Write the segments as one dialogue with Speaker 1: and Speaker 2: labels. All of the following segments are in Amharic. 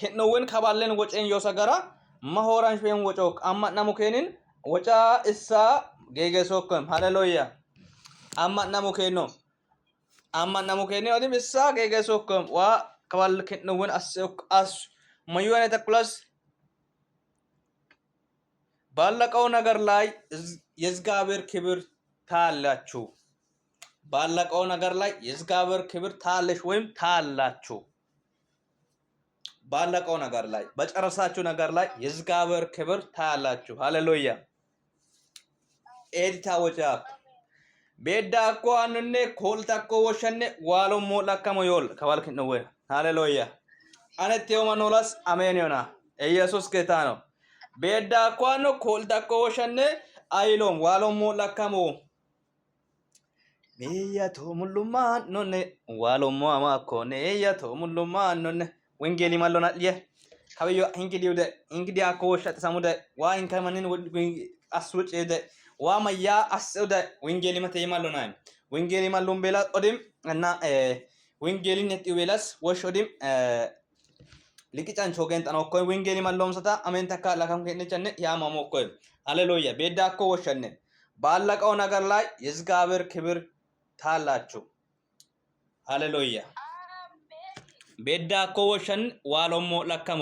Speaker 1: ክንውን kaballeen woceen yoo sagara mahooraan shween wocook amma namu keenin wocaa isaa geegeesokkoon haleluya amma namu keenno amma namu keenin odim isaa geegeesokkoon waa kabal kinnuwwan as mayuwane takkulas ባለቀው ነገር ላይ የእግዚአብሔር ክብር ታላችሁ። ባለቀው ነገር ላይ የእግዚአብሔር ክብር ታለሽ ወይም ታላችሁ። ባለቀው ነገር ላይ በጨረሳችሁ ነገር ላይ የእግዚአብሔር ክብር ታያላችሁ። ሃሌሉያ ኤዲታ ወጫፍ ቤዳ እኮ አንኔ ኮልታ እኮ ወሸኔ ዋሎ ሞላከሞ ዮል ከባልክ ነው። ሃሌሉያ አነት የመኖላስ አሜን ዮና ኢየሱስ ጌታ ነው። ቤዳ እኮ አኑ ኮልታ እኮ ወሸኔ አይሎም ዋሎ ሞላከሞ ኔያ ቶ ሙሉማ ኖኔ ዋሎ ሞማ እኮ ኔያ ሙሉማ ኖኔ ወንጌል ይመሎናልየ ሀበዮ ሂንግዲውደ ሂንግዲ አኮወሸ ተሳሙደ ዋ ሂንከመንን አስወጭደ ዋ መያ አስደ ወንጌል መተ ይመሎና ወንጌል ይመሎን ቤላ ኦድም እና ወንጌልን የጥ ቤላስ ወሽ ኦድም ሊቅጫን ቾገን ጠና ኮይ ወንጌል ይመሎም ሰታ አሜን ተካ ለከም ከነጨነ ያማሞ ኮይ ሃሌሉያ ቤዳ ኮ ወሸነ ባለቀው ነገር ላይ የእግዚአብሔር ክብር ታላችሁ ሃሌሉያ ቤዳ እኮ ወሸን ዋሎሞ ለከሞ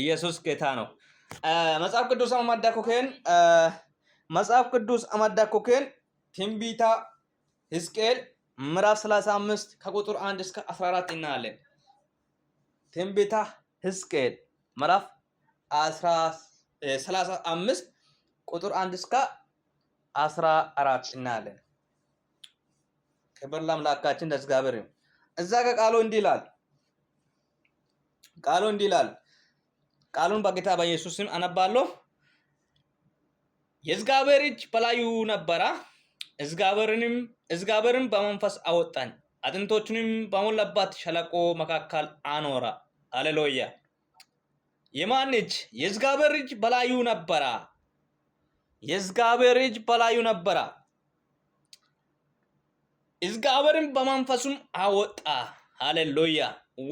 Speaker 1: ኢየሱስ ጌታ ነው። መጽሐፍ ቅዱስ አማዳ ኮኬን መጽሐፍ ቅዱስ አማዳ ኮኬን ትንቢታ ሕዝቅኤል ምዕራፍ 35 ከቁጥር 1 እስከ 14 እናያለን። ትንቢታ ሕዝቅኤል ምዕራፍ 35 ቁጥር 1 እስከ 14 እናያለን። ክብር ለአምላካችን ለእግዚአብሔር። እዛ ጋር ቃሉ እንዲህ ይላል። ቃሉ እንዲህ ይላል። ቃሉን በጌታ በኢየሱስ ስም አነባለሁ። የእግዚአብሔር እጅ በላዩ ነበራ፣ እግዚአብሔርንም እግዚአብሔርን በመንፈስ አወጣኝ፣ አጥንቶቹንም በሞላባት ሸለቆ መካከል አኖራ። ሃሌሉያ። የማን እጅ? የእግዚአብሔር እጅ በላዩ ነበራ። የእግዚአብሔር እጅ በላዩ ነበራ። እግዚአብሔርም በመንፈሱም አወጣ። ሃሌሉያ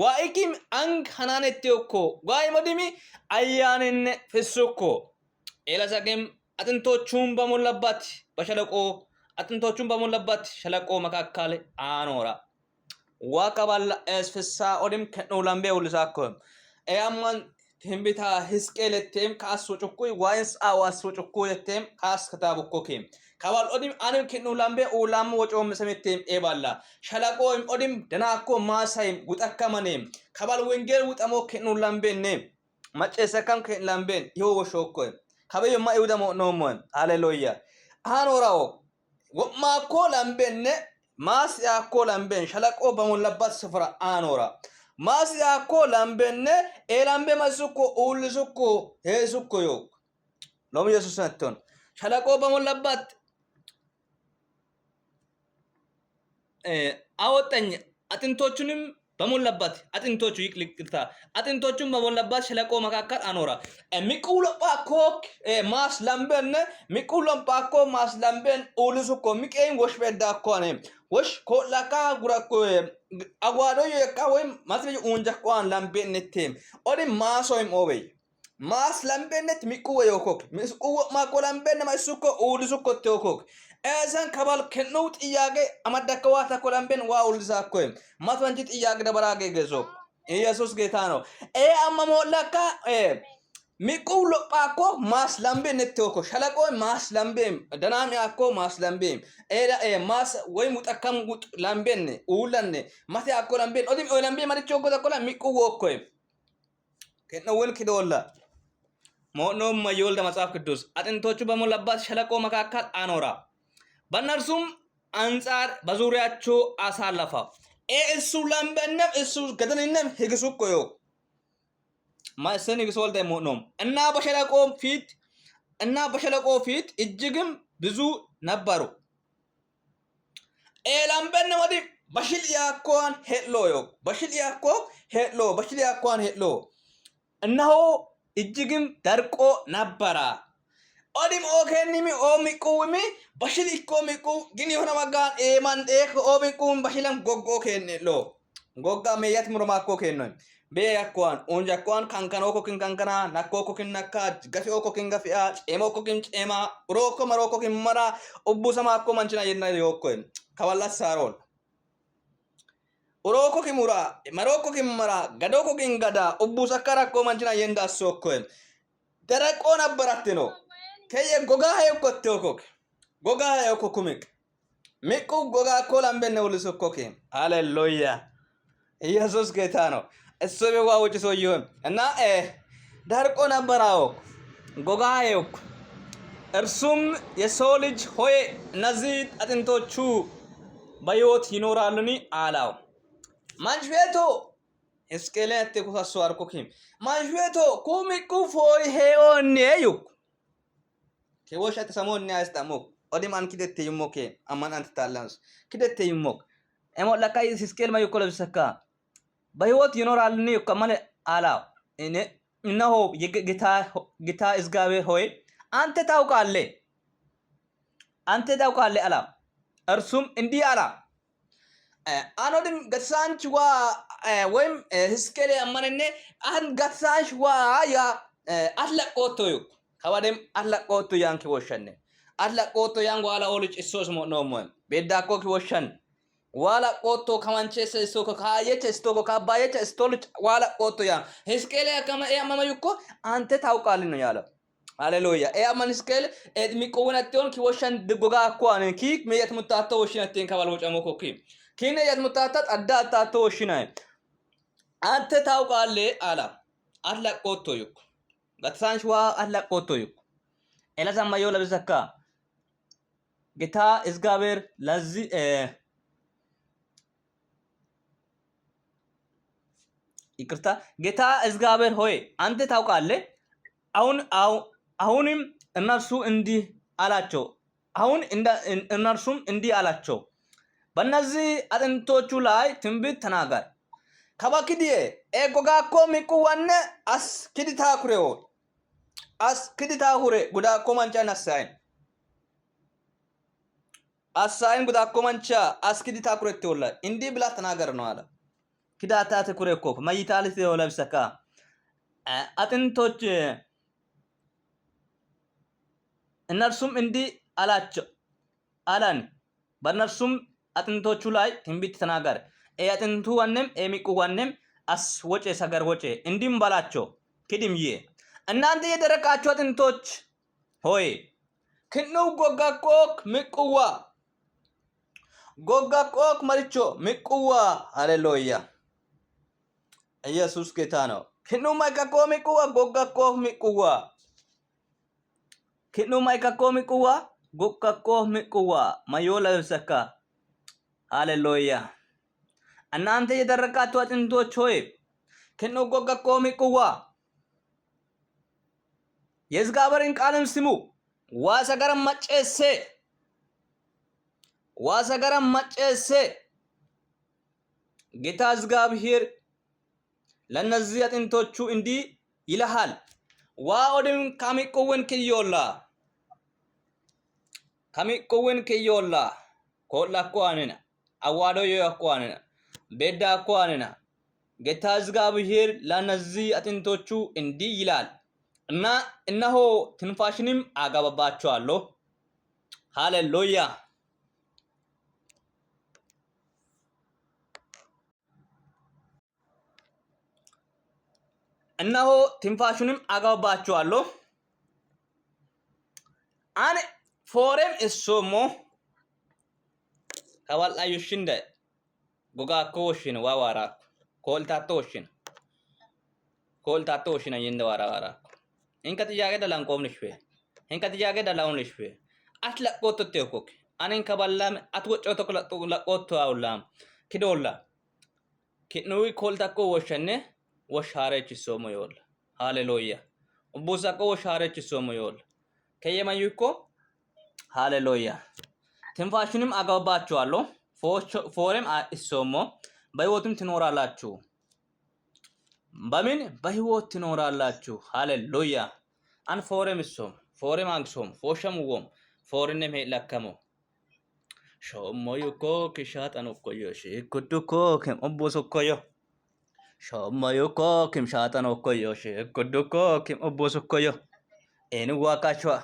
Speaker 1: ዋኢኪም አንግ ሀናኔቴ እኮ ጓይመዲሚ አያኔነ ፍሱ እኮ ኤለሰቅም አጥንቶቹን በሞላባት በሸለቆ አጥንቶቹን በሞላባት ሸለቆ መካከል አኖራ ዋቀባላ ኤስፍሳ ኦድም ከኖ ውልሳኮም ኤያማን ትንቢታ ህዝቅኤልትም ከአስ ወጭኩይ ዋይንስ አዋስ ወጭኩይትም ከአስ ክታቡኮኪም ከባል ኦዲም አንም ኪኑ ላምቤ ኡላም ወጮም ሰሚትም ኤባላ ሸላቆም ኦዲም ደናኮ ማሳይም ውጠከመኔም ከባል ወንጌል ውጠሞ ኪኑ ላምቤኔ መጨሰከም ኪን ላምቤን ይሆ ወሾኮ ከበዮ ማ ይውደሞ ኖሞን ሃሌሉያ አኖራዎ ወማኮ ላምቤኔ ማስያኮ ላምቤን ሸላቆ በሞላባት ስፍራ አኖራ maasiraakko lambenne elambe masukko uullisukko heesukko yook nom yesusin atton shalaqoo bamon labbaat አወጠኝ አጥንቶቹንም በሞላባት አጥንቶቹ ይቅልቅልታ አጥንቶቹን በሞላባት ሸለቆ መካከል አኖራ ማስ ሚቁሎጳኮ ማስላምበን ማስ ማስላምበን ኡልሱኮ ሚቄን ወሽበዳኳነ ወሽ ኮላካ ጉራኮ አጓዶ የካ ወይም ማስበጅ ኡንጃኳን ላምቤንቴ ኦዲ ማሶይም ኦበይ ማስ ማስላምቤነት ሚቁወ ዮኮክ ሚስቁወ ማኮላምቤን ማይሱኮ ኡልሱኮ ቴዮኮክ ኤሰን ከበል ክንው ጥያቄ አመደከዋ ተኮለምቤን ዋ ውልዛኮ መቶ ጥያቄ ደበራጌ ገዞ ኢየሱስ ጌታ ነው። ኤ አመሞለካ ሚቁ ሎጳኮ ማስለምቤ ንትኮ ሸለቆ ማስለምቤ ደናሚያኮ ማስለምቤ ማስ ወይ ሙጠከም ለምቤን ውለኔ ማቴ አኮ ለምቤን ኦዲም ለምቤ መርቾ ጎዘኮላ ሚቁ ወኮ ከነወል ክዶላ ሞኖ መዮል መጽሐፍ ቅዱስ አጥንቶቹ በሞላባት ሸለቆ መካከል አኖራ በእነርሱም አንጻር በዙሪያችሁ አሳለፈ። እሱ ለምበነም እሱ ገደንነም ህግሱ ቆዮ ማስን ህግሱ ደሞ ነው እና በሸለቆ ፊት እና በሸለቆ ፊት እጅግም ብዙ ነበሩ። ኤላምበነ ወዲ በሽል ያኮን ሄሎ ዮ በሽል ያኮ ሄሎ በሽል ያኮን ሄሎ እነሆ እጅግም ደርቆ ነበራ። odim ookennimi oomiqquwimi bashil ikkoomiqqu gin yehona waggaan eemandeek oomiqquwim bashilan goggoo kenne'lo gogga meyyat muromakkoo kennoim bee akkoan onjakkoan kankanookokin kankana nakkookokin nakka gafeookokin gafea ceemookokin ceema urookko kin mara obbu sama ubbusamaakko manchina yenna en yookkoe kawallasaaroon urookokin ura marookokin mara gadookokin gada ubbusakka rakkoo manchina yenda assookoe daraqqoo nabbarattino kee gogaa hayokkotte okoke gogaa hayokkoku miq miqqu gogaa koolambenne ulisokkoke ሃሌሉያ ኢየሱስ ጌታ ነው። እሱ ቢዋ ውጭ ሰውየውም እና ደርቆ ነበር። አወኩ ጎጋ አየኩ። እርሱም የሰው ልጅ ሆይ እነዚህ አጥንቶቹ በሕይወት ይኖራሉኒ አላው ማንሽቤቶ እስቄሌ ተኩሳሱ አርኩኪም ማንሽቤቶ ኩሚቁ ፎይ ሄኦኔ ዩኩ ke wosha e, ta samo e e ne asta mok odim an kidette yummo ke amman ant talans kidette yummo emo la kai siskel mayu kolab saka በህይወት ይኖራል ነው ከማለ አላ እኔ እነሆ ጌታ ጌታ እግዚአብሔር ሆይ አንተ ታውቃለህ አንተ ታውቃለህ አላ እርሱም እንዲህ አላ አኖድን ገሳንች ዋ ወይም ህስኬሌ አማነኔ አን ገሳንች ዋ ያ አትለቆቶዩ ከዋደም አላቆቱ ያን ኪወሸነ አላቆቱ ያን ዋላ ኦልጭ እሶስ ሞኖሞ ቤዳኮ ኪወሸን ዋላ ቆቶ ከማንቼስ ስቶኮ ካየች ስቶኮ ካባየች ስቶልጭ ዋላ ቆቶ ያን ህዝቅኤል ያከመ ያመመዩ እኮ አንተ ታውቃል ነው ያለው። ሃሌሉያ ኤያመን ህዝቅኤል ሚቆውነቴውን ኪወሸን ድጎጋ እኮ አነ ኪክ መየት ሙታተ ወሽነቴን ከባልወጨሞ ኮኪ ኪነ የት ሙታታ ጠዳ አታተ ወሽናይ አንተ ታውቃለህ አላ አላቆቶ ይኩ gatisaan shuwaa አላቆቶዩ ኤለዛማዮ ለብዘካ ጌታ እግዚአብሔር ለዚህ ይቅርታ ጌታ እግዚአብሔር ሆይ አንተ ታውቃለህ። አሁን አሁንም እነርሱ እንዲህ አላቸው። አሁን እነርሱም እንዲህ አላቸው፣ በእነዚህ አጥንቶቹ ላይ ትንቢት ተናገር። ከባ ክድዬ ኤጎጋኮ ሚቁዋነ አስ ክድታ ኩሬዎ as kidita hure guda komanca nassain አሳይን ጉዳ ኮመንቻ አስኪዲታ ኩሬት ወላ እንዲ ብላ ተናገር ነው አለ ኪዳታ ተኩሬ ኮፍ መይታልስ ወለብሰካ አጥንቶች እነርሱም እንዲህ አላቸው አላን በእነርሱም አጥንቶቹ ላይ ትንቢት ተናገር አጥንቱ ዋንም የሚቁ ዋንም አስ ወጬ ሰገር ወጬ እንዲም ባላቸው ክድም ይሄ እናንተ የደረቃችሁ አጥንቶች ሆይ ክንው ጎጋቆክ ምቁዋ ጎጋቆክ መልቾ ምቁዋ ሃሌሉያ ኢየሱስ ጌታ ነው። ክኑ ማይካኮ ምቁዋ ጎጋቆ ምቁዋ ክኑ ማይካኮ ምቁዋ ጎጋቆ ምቁዋ ማዮ ለብሰካ ሃሌሉያ እናንተ የደረቃችሁ አጥንቶች ሆይ ክንው ጎጋቆ ምቁዋ የእግዚአብሔርን ቃልም ስሙ። ዋሰገረም መጨሴ ዋሰገረም መጨሴ ጌታ እግዚአብሔር ለእነዚህ አጥንቶቹ እንዲህ ይልሃል ዋ ኦድም ከሚቆውን ክዮላ ከሚቆውን ክዮላ ኮላ ኳንና አዋዶ ኳንና ቤዳ ኳንና ጌታ እግዚአብሔር ለእነዚህ አጥንቶቹ እንዲህ ይላል እና እነሆ ትንፋሽንም አገባባቸዋለሁ። ሃሌሉያ። እነሆ ትንፋሹንም አገባባቸዋለሁ። አን ፎሬም እሶሞ ከዋልጣዮሽንደ ጎጋኮ ወሽን ዋዋራኩ ኮልታቶ ወሽን ኮልታቶ ወሽን አየንደ ዋራዋራኩ hinka dalaan qoomne shwe hinka xiyyaaqqee dalaa'uun shwe at laqqoottu teekuk anin kaballaame at woccoo tokko laqqoottu aullaam kidoolla ki'nuwi kooltakko woshshanne woshshaareechisoomo yoolla haalelooyya ubbuusakko woshshaareechisoomo yoolla keyyemayyukko haalelooyya ትንፋሹንም አገባባችኋለሁ ፎሬም አድሶሞ በሕይወቱም ትኖራላችሁ በምን በህይወት ትኖራላችሁ። ሃሌሉያ አን ፎረም ሶም ፎረም አንሶም ፎሸም ወም ፎርንም ሄለከሞ ሾሞዩኮ ክሻጠን ኦኮዮ ሽኩዱኮ ክም ኦቡስ ኦኮዮ ሾሞዩኮ ክም ሻጠን ኦኮዮ ሽኩዱኮ ክም ኦቡስ ኦኮዮ ኤን ዋካችዋ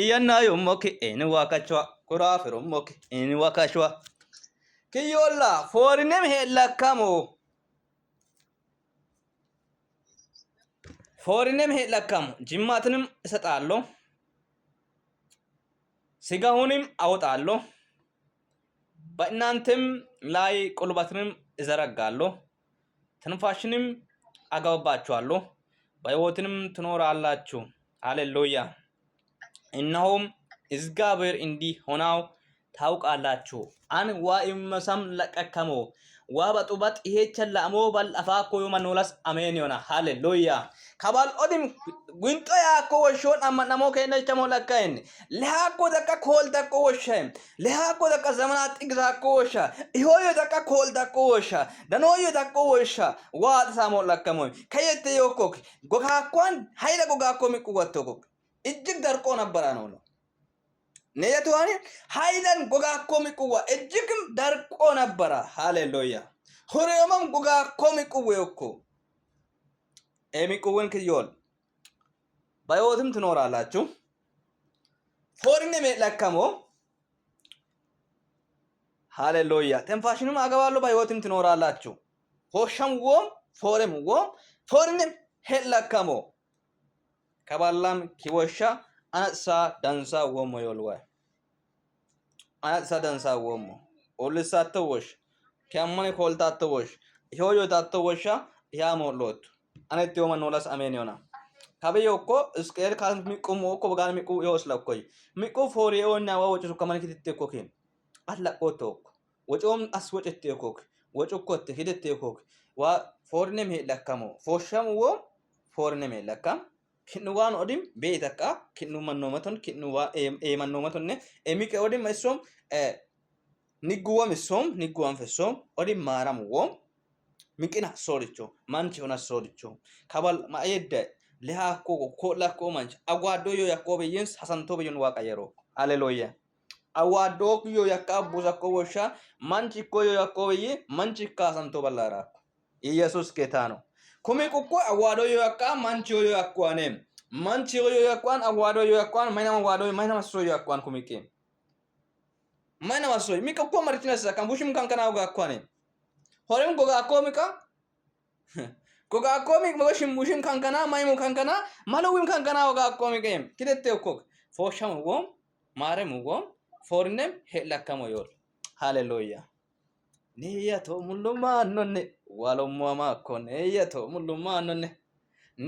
Speaker 1: እየናዩ ሞኪ ኤን ዋካችዋ ኩራፍሩ ሞኪ ኤን ዋካችዋ ክዮላ ፎርንም ሄለከሞ ፎሪንም ለቀሙ ጅማትንም እሰጣለሁ፣ ስጋውንም አወጣለሁ፣ በእናንተም ላይ ቁልበትንም እዘረጋለሁ፣ ትንፋሽንም አገባባችኋለሁ፣ በሕይወትንም ትኖራላችሁ። አሌሉያ። እነሆም እግዚአብሔር እንዲህ ሆናው ታውቃላችሁ። አን ዋኢመሰም ለቀከሞ waaba xubat ihecha lamo bal afakko yoman nolas amen yona haleluya kabal odim gunto yakko woshon amanamo kene chamo lakkain lehakko daka khol dakko wosha lehakko dakka zamana tig dakko wosha ihoyo daka khol dakko wosha danoyo dakko wosha wad samo lakkamo kayete yokok gokakwan hayda gokakko kuwatoko ijig ደርቆ ነበረ ነው ነው ነየትዋን ኃይለን ጎጋኮሚ ቁዋ እጅግም ደርቆ ነበረ። ሃሌሉያ ሁሬመም ጎጋኮሚ ቁዌ እኮ ኤሚቁውን ክዮል በሕይወትም ትኖራላችሁ። ፎርኔ ሜለከሞ ሃሌሉያ ተንፋሽንም አገባለሁ። በሕይወትም ትኖራላችሁ። ሆሸም ወም ፎርም ወም ፎርኔም ሄለከሞ ከባላም ኪወሻ አሳ ዳንሳ ወሞዮልዋ ayaa dansaa woomo ollissaatte wosh kiammane kooltaatte wosh hiyooyoytaatte wosha yaa moolloottu anetti yooma noolas ameeniyona kabiyyo okko isqeel kaas miqqumu okko bagaan miqqu yoosla okkoy miqqu fooriyeoonyaa waa wocu sukka manikitti ekkokin allaqqootte okko wocoom as wocette ekkok wocukkotte hidette ekkok waa foorinem heedhakkamo fooshamu woo foorinem heedhakkam kinnu waan odim beetakka kinnu mannomaton kinnu wa e mannomatonne emike odim isom nigguwam isom nigguwam fessoom odim maaram wom miqina sooricho manchi ona sooricho kabal ma yedda leha koko ko la ko manch agwado yo yakobe yens hasantobe yon waqa yero haleluya awadok yo yakabu zakobosha manchi ko yo yakobe ye manchi ka hasantobe lara ኢየሱስ ጌታ ነው Kome kokko awado yo akka mancho yo akwane. Mancho yo akwan awado yo akwan maina awado maina so yo akwan kumike. Maina maso mika ko maritina sa kambushim kankana uga akwane. Horem goga akomika koga akomi moshim mushim kankana maimu kankana maluwim kankana oga akomi gem kidette okok sham wom mare mugom fornem helakamo yol haleluya niya to mullo mannonne walummaa akkon eeyyato mullummaa annonne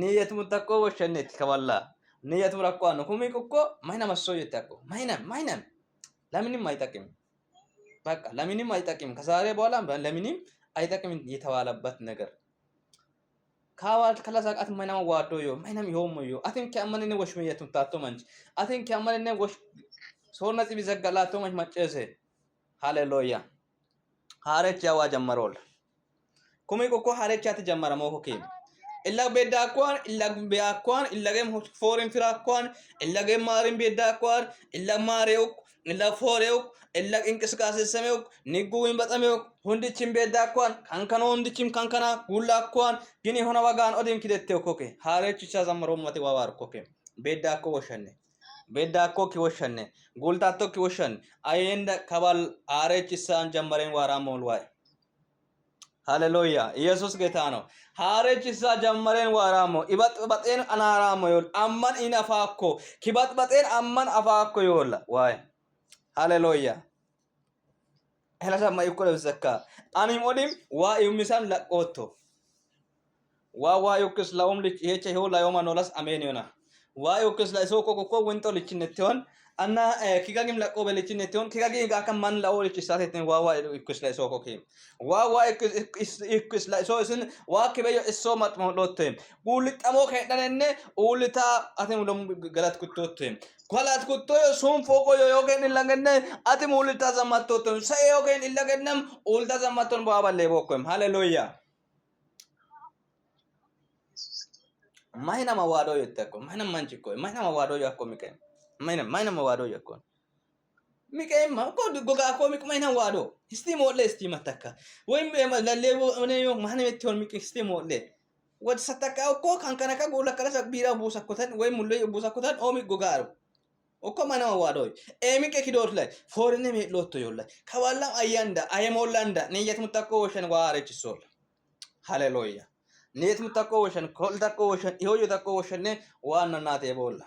Speaker 1: niyyat mutakko washannetti kaballa niyyat murakko anno kumi kokko mayna masso yette akko maynan maynan ለምንም አይጠቅም በቃ ለምንም አይጠቅም ከዛሬ በኋላ ለምንም አይጠቅም የተባለበት ነገር ካዋል ከለሳቃት ማይናም ዋዶ ዮ ማይናም ይሆም ዮ አትን ከአመነነ ወሽ መየቱም ታቶ መንች አትን ከአመነነ ወሽ ሶርነጽ ቢዘጋላቶ መንች ማጨሰ ሃሌሉያ ሀረች ያዋ ጀመሮል kumiin qoqqoo haarechaati jammara mooko kee illa beddaakwaan illa beaakwaan illa gem foorin firaakwaan illa gem maarin beddaakwaan illa maareuk illa fooreuk illa inqisqaasesameuk nigguwin baxameuk hundichim beddaakwaan kankano hundichim kankana gullaakwaan gini hona wagaan odin kidette koke haarechicha zammara ummate waawaar koke beddaakko woshanne beddaakko kiwoshanne guultaatto kiwoshanne ayenda kabal haarechisan jammareen waaraa mool waaye ሃሌሉያ ኢየሱስ ጌታ ነው። ሀሬች ሳ ጀመሬን ዋራሞ ኢበጥበጤን አናራሞ ዮል አማን ኢን አፋኮ አማን አፋኮ ዮላ ዋይ ሃሌሉያ ሄለሰማ ይኮ ለብዘካ አኒም ኦዲም ዋ ኢዩሚሳን ለቆቶ ዋ ዋ ዩክስ ለኡም ልች ሄቸ ሄው ላዮማ ኖላስ አሜን ዮና ዋ ዩክስ ለሶ ኮኮኮ ወንጦ ልችነት ሆን anna kikagim la qobelichin etion kikagim ga kan man la olich isat etion wa wa ikus la isoko kim wa wa ikus la iso isin wa kibeyo iso mat mo molotte uli qamo khedanenne ulita atem lom galat kuttotte galat yo sum foko yo yo yogen illangenne atem ulita zamattotte sa yo yogen illangennam ulta zamatton wa ba lebokom hallelujah mahinama waado yo ko mahina manchiko mahina mahinama waado yakko mikem mainam mainam waado yakon miqeema kod goga ko miq mainam waado histi molle histi matakka way lallebo oneyo mahnemetti hon miq histi molle wad sataka kan kankana ka gula kala sak bira busa kotan way mulle busa kotan o miq gogaaro okko mana waado e miq ke dot lai forne me lotto yolla kawalla ayanda ayemollanda ne yet mutakko woshan waare chisol haleluya ne yet mutakko woshan kol takko woshan ihoyo takko woshan ne wa nanate bolla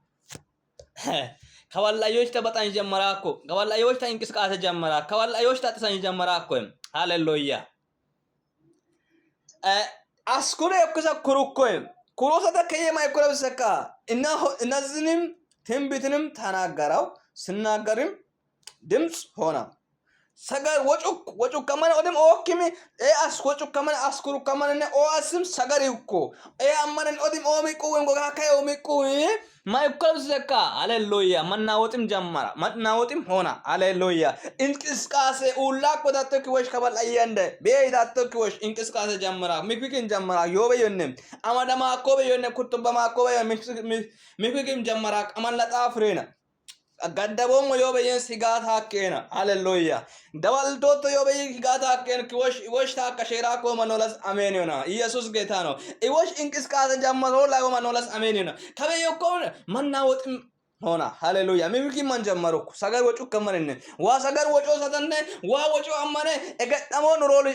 Speaker 1: ከወላዮች ተበጣን ጀመራ እኮ ከወላዮች ተንቅስቃሴ ጀመራ ከወላዮች ተጥሰን ጀመራ እኮ ሃሌሉያ አስኩረ የኩሰ ኩሩኮ ኩሮሰተ ከየማ ይኩረብሰካ እና እነዚህንም ትንቢትንም ተናገረው ስናገርም ድምፅ ሆነው sagar wacu wacu kamana odem ookimi e as wacu kamana askuru kamanane o asim sagar yukko e ammanan odim oomi quwen goga kay oomi quwi ma yukalbs leka aleluya mannaወጥም ጀመረ መናወጥም ሆነ aleluya እንቅስቃሴ ሁላ ቆዳቶ ኪወሽ ከበል አየንደ ቤዳቶ ኪወሽ እንቅስቃሴ ጀመራ ሚክዊክን ጀመራ ዮበ ዮንም አማዳማ ኮበ ዮነ ኩቱበማ ኮበ ሚክዊክም ጀመራ ቀመለጣ ፍሬና gaddaboon yoo bayyeen sigaa taakkeena haleluya dabaltootto yoo bayyeen sigaa taakkeen kiwosh iwosh taakka sheeraa koo manolas ameeniona iyesus geetaano iwosh inqisqaase jammatoo laago manolas ameeniona kabe yokkoon mannaa woxin ሆና ሃሌሉያ ሚሚኪ ማን ጀመሩኩ ሰገር ወጩ ከመነን ዋ ሰገር ወጮ ሰተነ ዋ ወጮ አመነ እገጠሞ ኑሮሉ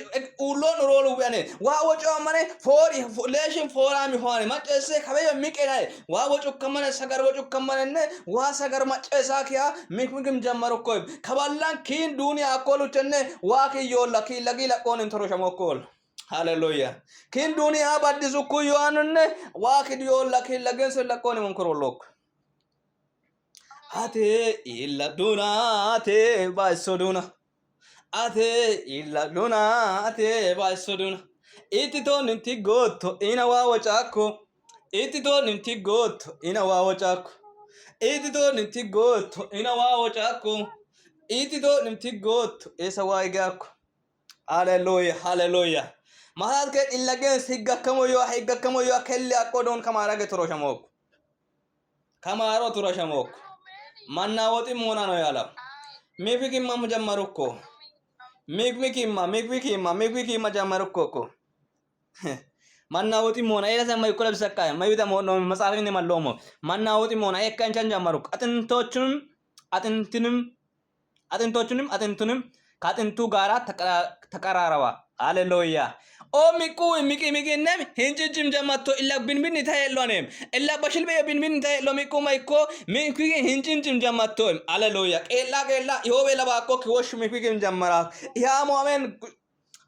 Speaker 1: ኡሎ ኑሮሉ ያኔ ዋ ወጮ አመነ ፎሪ ሌሽን ፎራሚ ሆነ ማጨሰ ከበየ ሚቀናይ ዋ ወጮ ከመነ ሰገር ወጮ ከመነነ ዋ ሰገር ማጨሳ ኪያ ሚክሚክም ጀመሩኩ ከባላን ኪን ዱንያ አቆሉቸነ ዋ ኪዮላ ኪ ለጊላ ቆን እንትሮሸሞኮል ሃሌሉያ ኪን ዱንያ ባዲሱ ኩዮአንነ ዋ ኪዲዮላ ኪ ለገንሰ ለቆን መንከሮሎኩ Ate ilaaluuna ate baay'isooduna. Ate ilaaluuna ate baay'isooduna. Itti toon inti gooto ina waa wacaako. Itti toon inti gooto ina waa wacaako. Itti toon inti gooto ina waa wacaako. gooto waa egaako. Haleluya haleluya. Mahal kee illa geensi higga kamoyyoo higga kamoyyoo kelli akkoo doon kamaara geetoroo shamooku. Kamaaroo turoo shamooku. ማናወጥም ሆና ነው ያለው። ሚግሚግማ መጀመሩ እኮ ሚግሚግማ ሚግሚግማ ሚግሚግማ ጀመሩ እኮ እኮ ማናወጥም ሆና ኤለሰ ማይኮለብ ሰቃ ማይዳ ሆኖ መጻፊ ነው ማለሞ ማናወጥም ሆና ኤካንቻን ጀመሩ አጥንቶቹንም አጥንትንም አጥንቶቹንም አጥንቱንም ከአጥንቱ ጋራ ተቀራረባ ሃሌሉያ ኦ ሚቁ ሚቂ ሚቂነም ሂንጭጭም ጀማቶ ኢላ ቢንቢን ታየሎኔም ኢላ በሽልበ ቢንቢን ታየሎ ሚቁ ማይኮ ሚቂ ሂንጭጭም ጀማቶም ሃሌሉያ ቄላ ቄላ ይሆቤ ለባቆ ኪወሽ ሚቂም ጀመራ ያ ሙአሜን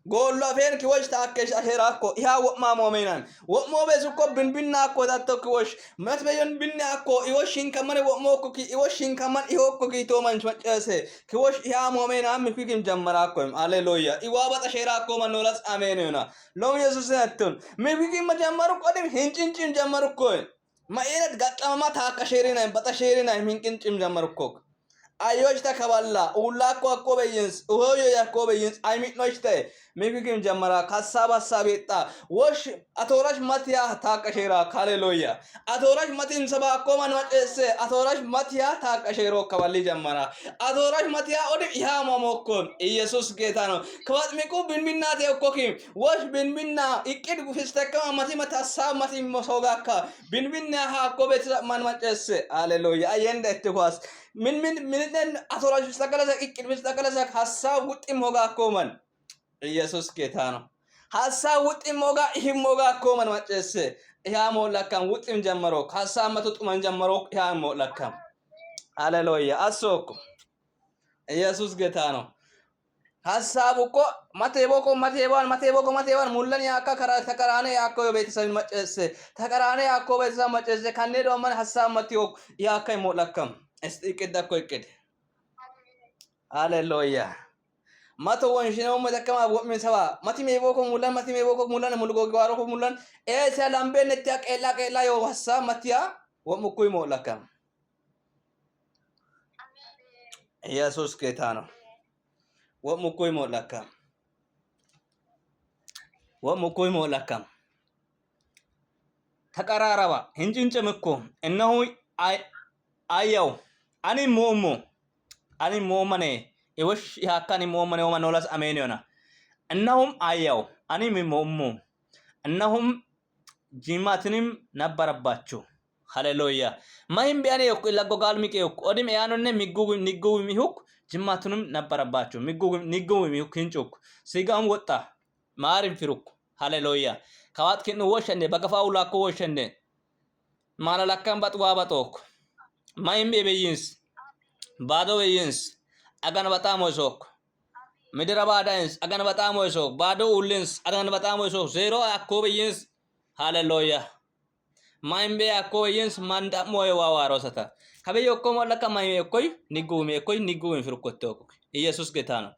Speaker 1: goollo afeen ki wosh taakkesh asheraa ko ihaa wo'maa moomeenaan wo'moo beesu ko binbinna akko tatto ki wosh mas beyon binne akko i wosh hinkamane wo'moo ko ki i wosh hinkaman i hokko ki too manch macceese ki wosh ihaa moomeenaan mi kikim jammara akko him aleluya i waabax asheraa akko manoolas ameeneona loom yesusin attun mi kikim jammaru qodim hincinchim jammaru koyin ma iinet gaxamama taakka sheerinahim baxa sheerinahim hinqincim jammaru kok ayoyta kaballa uullaakko akko beyyins uhoyoy akko beyyins aymi'noyte ምግግም ጀመራ ከሀሳብ ሀሳብ የጣ ወሽ አቶራሽ ማትያ ታቀሼራ ካሌሎያ አቶራሽ ማቲን ሰባ ኮማን ማጨሰ አቶራሽ ማትያ ታቀሼሮ ከባሊ ጀመራ አቶራሽ ማትያ ኦድ ይሃ ማሞኮን ኢየሱስ ጌታ ነው ከዋጥሚቁ ቢንቢና ተኮኪ ወሽ ቢንቢና ይቅድ ጉፍስተከማ ማቲ መታሳ ማቲ ሞሶጋካ ቢንቢና ሃ ኮቤት ማን ማጨሰ አሌሎያ አየንደ እትኳስ ምን ምን ምን አቶራሽ ስተከለሰ ይቅድ ስተከለሰ ሀሳብ ውጥም ሆጋ ኢየሱስ ጌታ ነው። ሀሳብ ውጥም ሞጋ ይህም ሞጋ እኮ መንመጨስ ያ ሞላካም ውጥም ጀመሮ ከሀሳ መቶ ጡመን ጀመሮ ያ ሞላካም ሃሌሉያ አሶ እኮ ኢየሱስ ጌታ ነው። ሀሳቡ እኮ መቴቦኮ መቴባን መቴቦኮ መቴባን ሙለን ያካ ተቀራኔ ያኮ ቤተሰብ መጨስ ተቀራኔ ያኮ ቤተሰብ መጨስ ከኔ ማን ሀሳብ መቴዮ ያካ ይሞላከም እስቲ ቅድ እኮ ይቅድ አሌሉያ mato won shine umma takama womin sawa mati me boko mulan mati me boko mulan go gwaro ko mulan e sa lambe ne ta kela kela yo wasa matia wo mukui molaka ኢየሱስ ጌታ ነው። ወሙኩይ ሞላካ ወሙኩይ ሞላካ ተቀራረባ ህንጭንጭም እኮ እነሆ አየው አኒ ሞሞ አኒ ሞመኔ iwosh yakan imomane omanolas ameniona እነሁም አያው አኒም ሞሙ እነሁም ጂማትንም ነበረባችሁ ሃሌሉያ ማይም ቢያኔ ዮኩ ኢላጎጋል ሚቄ ዮኩ ኦዲም ያኖነ ሚጉጉ ኒጉጉ ሚሁክ ጅማቱንም ነበረባችሁ ሚጉጉ ኒጉጉ ሚሁክ ሂንጮኩ ሲጋም ወጣ ማሪም ፊሩኩ ሃሌሉያ ከዋት ኪን ወሸነ በገፋው ላኮ ወሸነ ማናላካም ባጥዋ ባጦኩ ማይም የበይንስ ባዶ የበይንስ agan bataam hoysok midira baadains agan bataam hoysok baado ullins agan bataam hoysok zero akkobeyyins haleluya maimbe akkobeyyins mandammoye waawaarosata kabeyokko mollaka maimekkoy niguumeekkoy niguume firkotteokok iyesus getano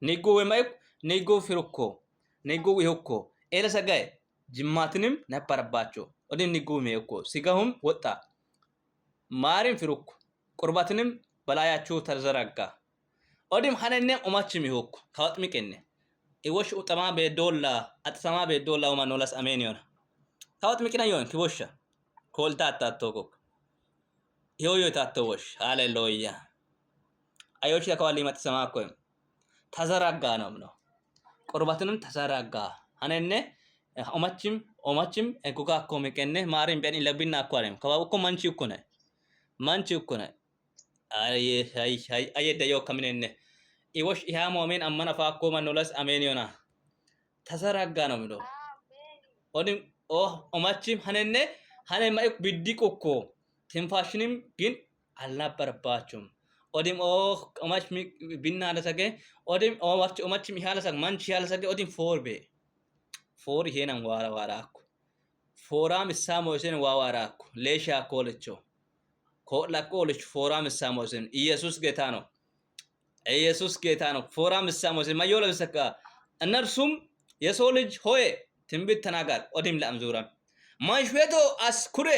Speaker 1: niguuwe maik niguu firukko niguu ihukko ele sagaye jimmaatinim nabbarabbaacho odin niguumeekko sigahum woxxa maarin firukko ቁርበትንም በላያችሁ ተዘረጋ። odim hanenem omachimi hukku tawatmi kenne iwosh utama be dolla atsama be dolla uma nolas ameniona tawatmi kina yon kiwosha kolta tatokok yoyo tatowosh haleluya ayoshi kawali matsama ko ተዘራጋ ነው ነው ቁርባትንም ተዘራጋ አነነ ኦማችም ኦማችም ጉጋ ኮሚቀነ ማሪም በኒ ለብና አኳሪም ከባብ እኮ ማንቺ እኮ ነ ማንቺ እኮ ነ ayedda yookkaminenne iwosh ihaa moomin amman afaa akkumannolas ameeniyona tasaragganomido odin o omachi hanenne hanen ma biddi qukko tinfaashinim gin alnabbarbachum odim o omach mi binnaala sage odim omach omachim ihaala sage manch hala sage odim foor be foor iheenan waara waaraakku fooraam issaa moysen waa waaraakku leeshaa koolecho ኮላኮ ልጅ ፎራ ምሳሞስን ኢየሱስ ጌታ ነው። ኢየሱስ ጌታ ነው። ፎራ ምሳሞስን ማዮ ለምሰካ እነርሱም የሰው ልጅ ሆይ ትንቢት ተናጋር ኦዲም ለአምዙራ ማሽዌቶ አስኩሬ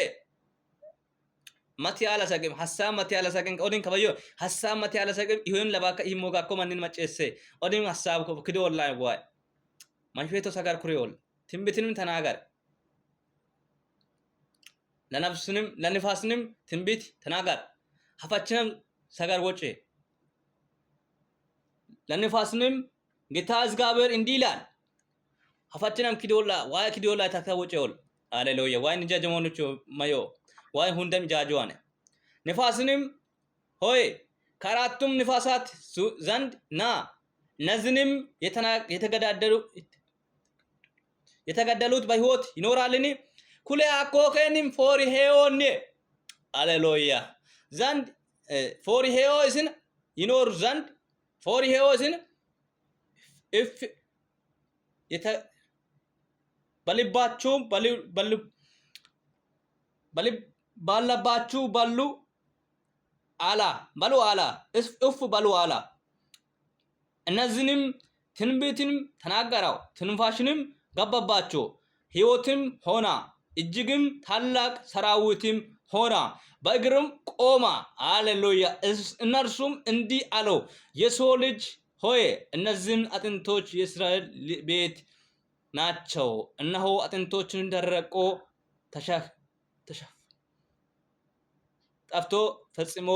Speaker 1: matiyala sagem hassa matiyala sagem odin kabayo hassa matiyala sagem ihun labaka ihmo ga ko manin macesse odin hassa ko kido wallahi wa manfeto sagar kuriyol timbitinum tanagar ለነፍስንም ለንፋስንም ትንቢት ተናገር፣ አፋችንም ሰገር ወጪ። ለንፋስንም ጌታ እግዚአብሔር እንዲህ ይላል፣ አፋችንም ኪዶላ ዋይ ኪዶላ ተከወጪውል። አሌሉያ ዋይ ንጃ ጀሞኑቹ ማዮ ዋይ ሁንደም ጃጆዋነ ንፋስንም ሆይ ከአራቱም ንፋሳት ዘንድ ና እነዚህንም የተገደሉት በሕይወት ይኖራልን? Kule akookenin heo heewonni aleluya zand fori heo isin inor zand fori heo isin if yeta በልባችሁም ባለባችሁ balu ala balu ala እፍ balu ala እነዚህንም ትንቢትንም ተናገረው ትንፋሽንም ገባባቸው ሕይወትም ሆና እጅግም ታላቅ ሰራዊትም ሆና በእግርም ቆማ። አሌሉያ። እነርሱም እንዲህ አለው፣ የሰው ልጅ ሆይ እነዚህን አጥንቶች የእስራኤል ቤት ናቸው። እነሆ አጥንቶችን ደረቆ ጠፍቶ ፈጽሞ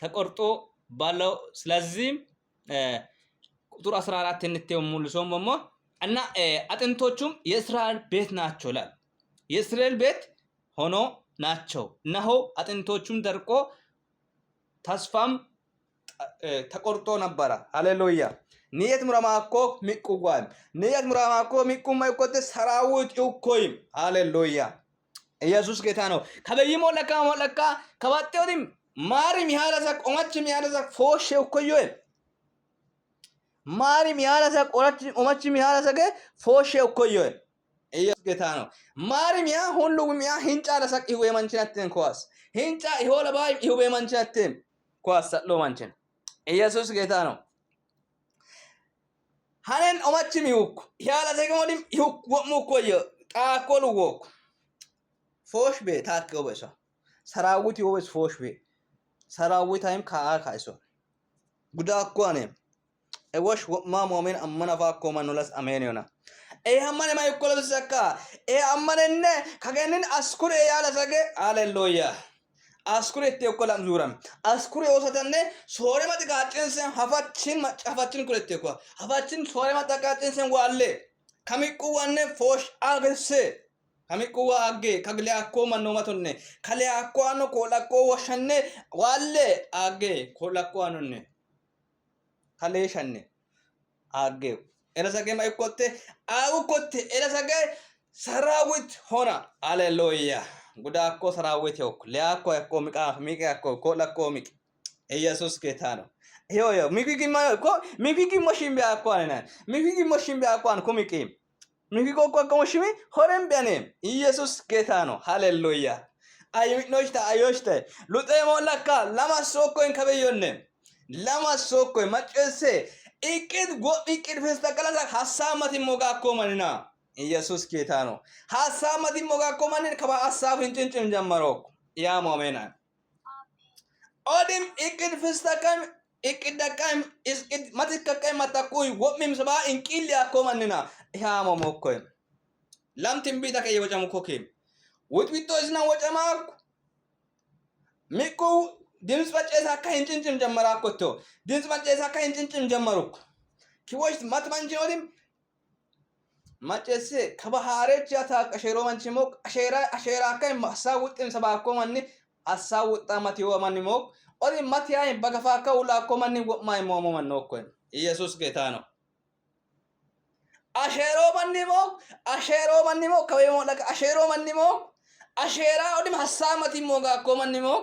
Speaker 1: ተቆርጦ ባለው ስለዚህም ቁጥር 14 እንቴው ሙሉ ሰውም እና አጥንቶቹም የእስራኤል ቤት ናቸው ላል የእስራኤል ቤት ሆኖ ናቸው። እነሆ አጥንቶቹም ደርቆ ተስፋም ተቆርጦ ነበረ። ሃሌሉያ ንየት ሙራማኮ ሚቁጓን ንየት ሙራማኮ ሚቁማ ይቆጥ ሰራዊት እኮይም ሃሌሉያ ኢየሱስ ጌታ ነው። ከበይ ሞለካ ሞለካ ከባጤውዲም ማሪም ያለሰ ቆመችም ያለሰ ፎሽ እኮዮ ማሪም ያለሰ ቆመችም ያለሰ ፎሽ እኮዮ ኢየሱስ ጌታ ነው። ማሪም ያ ሁሉም ያ ሂንጫ ለሰቅ ይሁ የማንችናትን ኳስ ሂንጫ ይሆ ለባይ ይሁ የማንችናትን ኳስ ሰሎ ማንችን ኢየሱስ ጌታ ነው። ሀነን ኦማችም ይሁኩ ያለ ዘገሞዲም ይሁክ ወሙኮ የ ጣቆሉ ወኩ ፎሽ ቤ ታከው በሳ ሰራዊት ይወስ ፎሽ ቤ ሰራዊት አይም ካአ ካይሶ ጉዳ ኳኔ እወሽ ወማ ሙአሚን አመናፋ ኮማኑላስ አሜን ይሆናል ඒ අම්මන මයි කොලවිසක්කා ඒ අම්මනෙන්න කගැන්නෙන් අස්කුරේ යාලසගේ ආලෙල්ලෝයා askuretti okkolam zuuram askure osatanne soorema diqaaxxeen sen hafachin hafachin kuletti okko hafachin soorema diqaaxxeen sen waalle kamiqqu wanne foosh agesse kamiqqu wa agge kagle akko mannoma tonne kale akko anno kolakko washanne waalle agge kolakko anonne kale shanne agge ኤለ ሰገ ማይኮቴ አውኮቴ ኤለ ሰገ ሰራዊት ሆና አሌሉያ ጉዳኮ ሰራዊት ዮኩ ሊያኮ ያኮ ሚቃ ሚቃ ያኮ ኮላኮ ሚቅ ኢየሱስ ጌታ ነው። ዮ ዮ ሚኪኪማ ኮ ሚኪኪሞ ሽምቢ አኳን ነን ሚኪኪሞ ሽምቢ አኳን ኩሚቂ ሚኪኮ ኮኮሞ ሽሚ ሆረም ቢያኔ ኢየሱስ ጌታ ነው። ሃሌሉያ አዩኖሽተ አዮሽተ ሉጤ ሞላካ ለማሶኮን ከበዮነ ለማሶኮን መጨሴ እቅድ እቅድ ፈስተቀላላ ሀሳማትን ሞጋ ኮመንና ኢየሱስ ጌታ ነው። ሀሳማትን ሞጋ ኮመንን ከሀሳብ እንጭንጭም ጀመሮ ያ ሞሜና ኦድም እቅድ ፍስተቀም እቅድ ደቀም እቅድ መትከቀም መጠቁይ ወሚም ስባ እንቂል ያኮመንና ያ ሞሞኮይ ለም ትንቢተ ከየ ወጨሙኮኬ ውጥቢቶ እዝና ወጨማኩ ሚቁ ድምፅ መጨሳካ ሂንጭንጭም ጀመረ አኮቶ ድምፅ መጨሳካ ሂንጭንጭም ጀመሩኩ ኪቦች መት መንችኖትም መጨሴ ያታ ቀሸሮ አሸሮ መንችሞቅ አሸራ አሸራ አካይ አሳውጥም ሰባኮ ማን አሳውጣ ማቲዮ ማን ሞቅ ኦሪ ማቲያይ በገፋካ ኮ ማን ወማይ ሞሞ ማን ነውኮን ኢየሱስ ጌታ ነው። አሸሮ ማን ሞቅ አሸሮ ማን ሞቅ ከወይ ሞላ አሸሮ ማን ሞቅ አሸራ ኦዲ ሀሳብ ማቲ ኮ ማን ሞቅ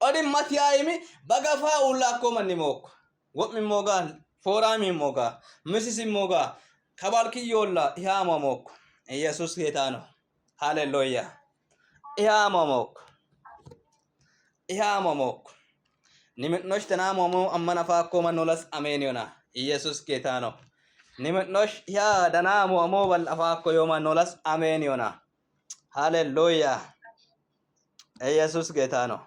Speaker 1: odin matiyaimi bagafa ullakko manni mokko wo'mi mogal forami moga misisi moga kabalki yolla ihama mokko ኢየሱስ ጌታ ነው። ሃሌሉያ ኢሃሞሞክ ኢሃሞሞክ ኒምኖሽ ተናሞሞ አመናፋኮ መኖለስ አሜን ዮና ኢየሱስ ጌታ ነው። ኒምኖሽ ያ ደናሞሞ በላፋኮ ዮመኖለስ አሜን ዮና ሃሌሉያ ኢየሱስ ጌታ ነው።